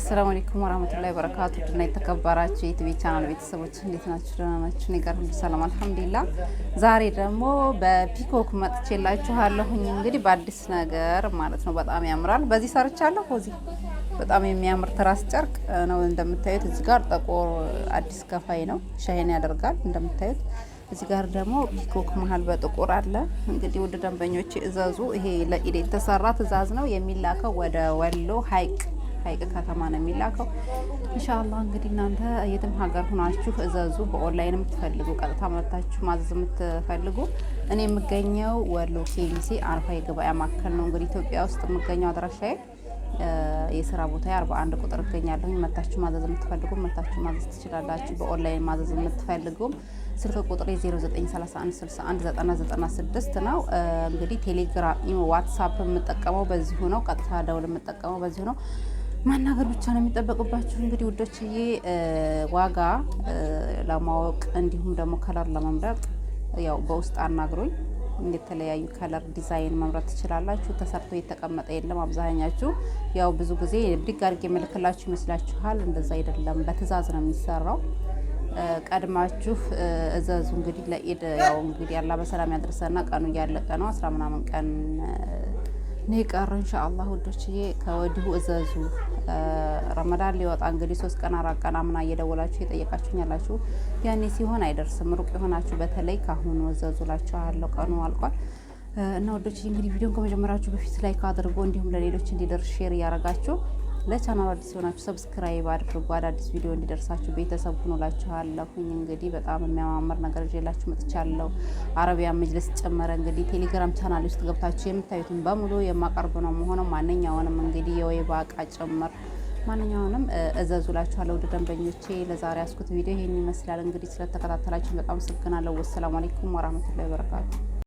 አሰላሙ አለይኩም ወራህመቱላሂ ወበረካቱ ድና የተከበራችሁ የኢቲቪ ቻናል ቤተሰቦች እንዴት ናችሁ? ደህና ናችሁ? እኔ ጋር ሁሉ ሰላም አልሐምዱሊላህ። ዛሬ ደግሞ በፒኮክ መጥቼላችኋለሁኝ። እንግዲህ በአዲስ ነገር ማለት ነው። በጣም ያምራል። በዚህ ሰርቻለሁ። እዚህ በጣም የሚያምር ትራስ ጨርቅ ነው እንደምታዩት። እዚህ ጋር ጠቆር አዲስ ከፋይ ነው፣ ሻይን ያደርጋል እንደምታዩት። እዚህ ጋር ደግሞ ፒኮክ መሀል በጥቁር አለ። እንግዲህ ውድ ደንበኞች እዘዙ። ይሄ ለኢድ የተሰራ ትእዛዝ ነው የሚላከው ወደ ወሎ ሀይቅ ሀይቅ ከተማ ነው የሚላከው። እንሻላ እንግዲህ እናንተ የትም ሀገር ሁናችሁ እዘዙ። በኦንላይን የምትፈልጉ ቀጥታ መርታችሁ ማዘዝ የምትፈልጉ እኔ የምገኘው ወሎ ኬሚሴ አርፋ የገበያ ማዕከል ነው። እንግዲህ ኢትዮጵያ ውስጥ የምገኘው አድራሻዬ የስራ ቦታ አርባ አንድ ቁጥር እገኛለሁ። መታችሁ ማዘዝ የምትፈልጉ መታችሁ ማዘዝ ትችላላችሁ። በኦንላይን ማዘዝ የምትፈልጉ ስልክ ቁጥሬ 0931619096 ነው። እንግዲህ ቴሌግራም፣ ዋትሳፕ የምጠቀመው በዚሁ ነው። ቀጥታ ደውል የምጠቀመው በዚሁ ነው። ማናገር ብቻ ነው የሚጠበቅባችሁ። እንግዲህ ውዶችዬ ዋጋ ለማወቅ እንዲሁም ደግሞ ከለር ለመምረጥ ያው በውስጥ አናግሮኝ የተለያዩ ከለር ዲዛይን መምረጥ ትችላላችሁ። ተሰርቶ የተቀመጠ የለም። አብዛኛችሁ ያው ብዙ ጊዜ ብድግ አድርጌ የምልክላችሁ ይመስላችኋል። እንደዛ አይደለም፣ በትዕዛዝ ነው የሚሰራው። ቀድማችሁ እዘዙ። እንግዲህ ለኢድ ያው እንግዲህ ያላ በሰላም ቀኑ እያለቀ ነው አስራ ምናምን ቀን እኔ ቀሩ ኢንሻአላህ ውዶችዬ፣ ከወዲሁ እዘዙ። ረመዳን ሊወጣ እንግዲህ ሶስት ቀን አራት ቀን አምና እየደወላችሁ የጠየቃችሁኝ ያላችሁ ያኔ ሲሆን አይደርስም። ሩቅ የሆናችሁ በተለይ ካሁኑ እዘዙ ላችኋለሁ። ቀኑ አልቋል እና ወዶችዬ እንግዲህ ቪዲዮን ከመጀመራችሁ በፊት ላይክ አድርጎ እንዲሁም ለሌሎች እንዲደርስ ሼር እያረጋችሁ ለቻናል አዲስ የሆናችሁ ሰብስክራይብ አድርጉ፣ አዳዲስ ቪዲዮ እንዲደርሳችሁ ቤተሰብ ሁኖላችኋለሁኝ። እንግዲህ በጣም የሚያማምር ነገር ይዤላችሁ መጥቻለሁ። አረቢያ መጅልስ ጨመረ። እንግዲህ ቴሌግራም ቻናል ውስጥ ገብታችሁ የምታዩትን በሙሉ የማቀርብ ነው መሆነው። ማንኛውንም እንግዲህ የወይባ እቃ ጭምር ማንኛውንም እዘዙላችኋለሁ ወደ ደንበኞቼ። ለዛሬ ያስኩት ቪዲዮ ይሄን ይመስላል። እንግዲህ ስለተከታተላችሁ በጣም አመሰግናለሁ። ወሰላሙ አሌይኩም ወራህመቱላሂ ወበረካቱ